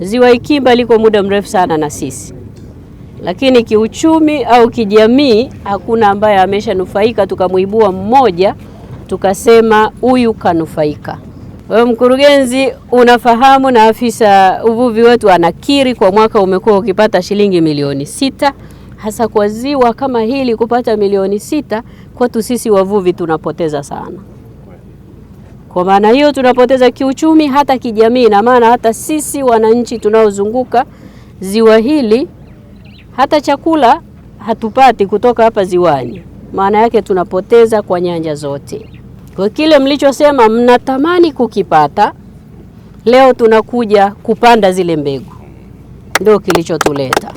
Ziwa Ikimba liko muda mrefu sana na sisi, lakini kiuchumi au kijamii hakuna ambaye ameshanufaika tukamwibua mmoja tukasema huyu kanufaika. Wewe mkurugenzi unafahamu na afisa uvuvi wetu anakiri kwa mwaka umekuwa ukipata shilingi milioni sita, hasa kwa ziwa kama hili kupata milioni sita kwetu sisi wavuvi tunapoteza sana. Kwa maana hiyo tunapoteza kiuchumi, hata kijamii, na maana hata sisi wananchi tunaozunguka ziwa hili hata chakula hatupati kutoka hapa ziwani. Maana yake tunapoteza kwa nyanja zote. Kwa kile mlichosema mnatamani kukipata, leo tunakuja kupanda zile mbegu, ndio kilichotuleta.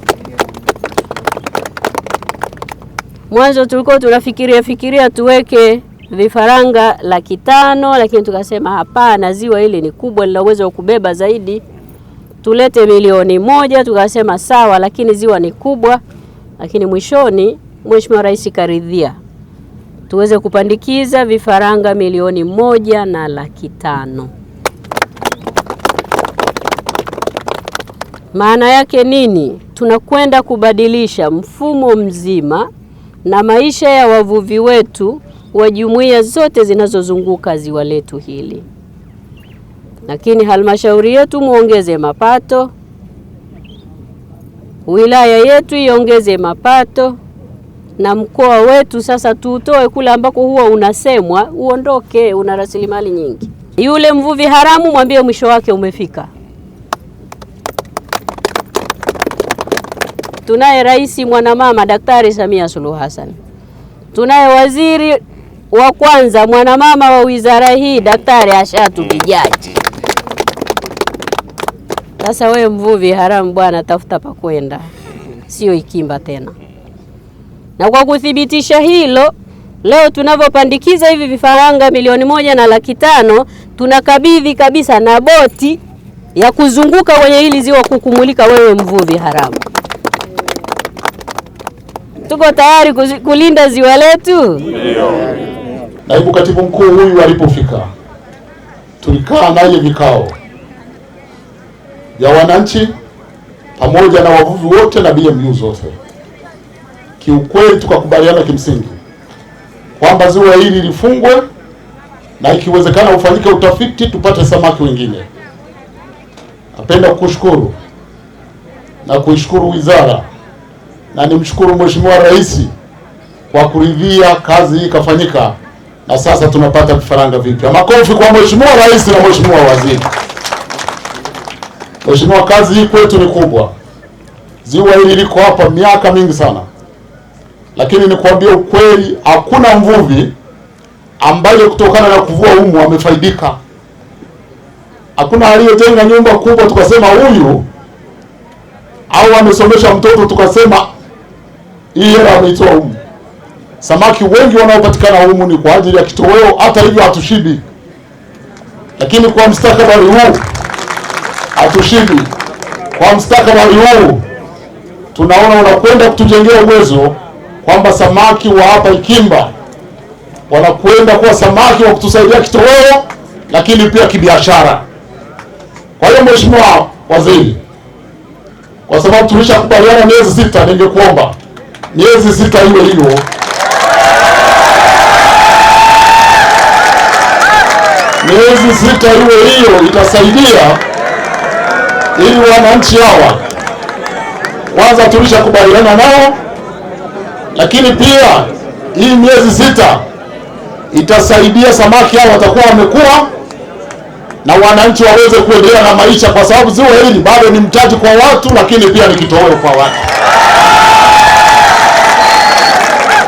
Mwanzo tulikuwa tunafikiria fikiria tuweke vifaranga laki tano, lakini tukasema hapana, ziwa hili ni kubwa, lina uwezo wa kubeba zaidi, tulete milioni moja. Tukasema sawa, lakini ziwa ni kubwa. Lakini mwishoni Mheshimiwa Rais karidhia tuweze kupandikiza vifaranga milioni moja na laki tano. Maana yake nini? Tunakwenda kubadilisha mfumo mzima na maisha ya wavuvi wetu wa jumuiya zote zinazozunguka ziwa letu hili. Lakini halmashauri yetu muongeze mapato, wilaya yetu iongeze mapato, na mkoa wetu sasa tuutoe kule ambako huwa unasemwa uondoke, una rasilimali nyingi. Yule mvuvi haramu mwambie mwisho wake umefika. Tunaye rais mwanamama Daktari Samia Suluhu Hassan, tunaye waziri wa kwanza mwanamama wa wizara hii daktari ashatu kijaji Sasa wewe mvuvi haramu bwana, tafuta pa kwenda, sio Ikimba tena. Na kwa kuthibitisha hilo, leo tunavyopandikiza hivi vifaranga milioni moja na laki tano tunakabidhi kabisa na boti ya kuzunguka kwenye hili ziwa kukumulika. Wewe mvuvi haramu, tuko tayari kulinda ziwa letu, ndio. Naibu katibu mkuu huyu alipofika, tulikaa naye vikao vya wananchi pamoja na wavuvi wote na BMU zote. Kiukweli tukakubaliana kimsingi kwamba ziwa hili lifungwe na ikiwezekana ufanyike utafiti tupate samaki wengine. Napenda kukushukuru na kuishukuru wizara na nimshukuru Mheshimiwa Rais kwa kuridhia kazi hii ikafanyika na sasa tunapata vifaranga vipya. Makofi kwa Mheshimiwa Rais na Mheshimiwa Waziri. Mheshimiwa, kazi hii kwetu ni kubwa. Ziwa hili liko hapa miaka mingi sana, lakini kuambia ukweli, hakuna mvuvi ambaye kutokana na kuvua humu amefaidika. Hakuna aliyetenga nyumba kubwa tukasema huyu, au amesomesha mtoto tukasema hii hela ameitoa humu Samaki wengi wanaopatikana humu ni kwa ajili ya kitoweo, hata hivyo hatushibi, lakini kwa mstakabali huu hatushibi. Kwa mstakabali huu tunaona unakwenda kutujengea uwezo kwamba samaki wa hapa Ikimba wanakwenda kuwa samaki wa kutusaidia kitoweo, lakini pia kibiashara. Kwa hiyo Mheshimiwa Waziri, kwa sababu tulishakubaliana miezi sita, ningekuomba miezi sita hiyo hiyo miezi sita iwe hiyo, itasaidia ili wananchi hawa kwanza tulishakubaliana nao, lakini pia hii miezi sita itasaidia samaki hao watakuwa wamekuwa na wananchi waweze kuendelea na maisha, kwa sababu ziwa hili bado ni mtaji kwa watu, lakini pia ni kitoweo kwa watu.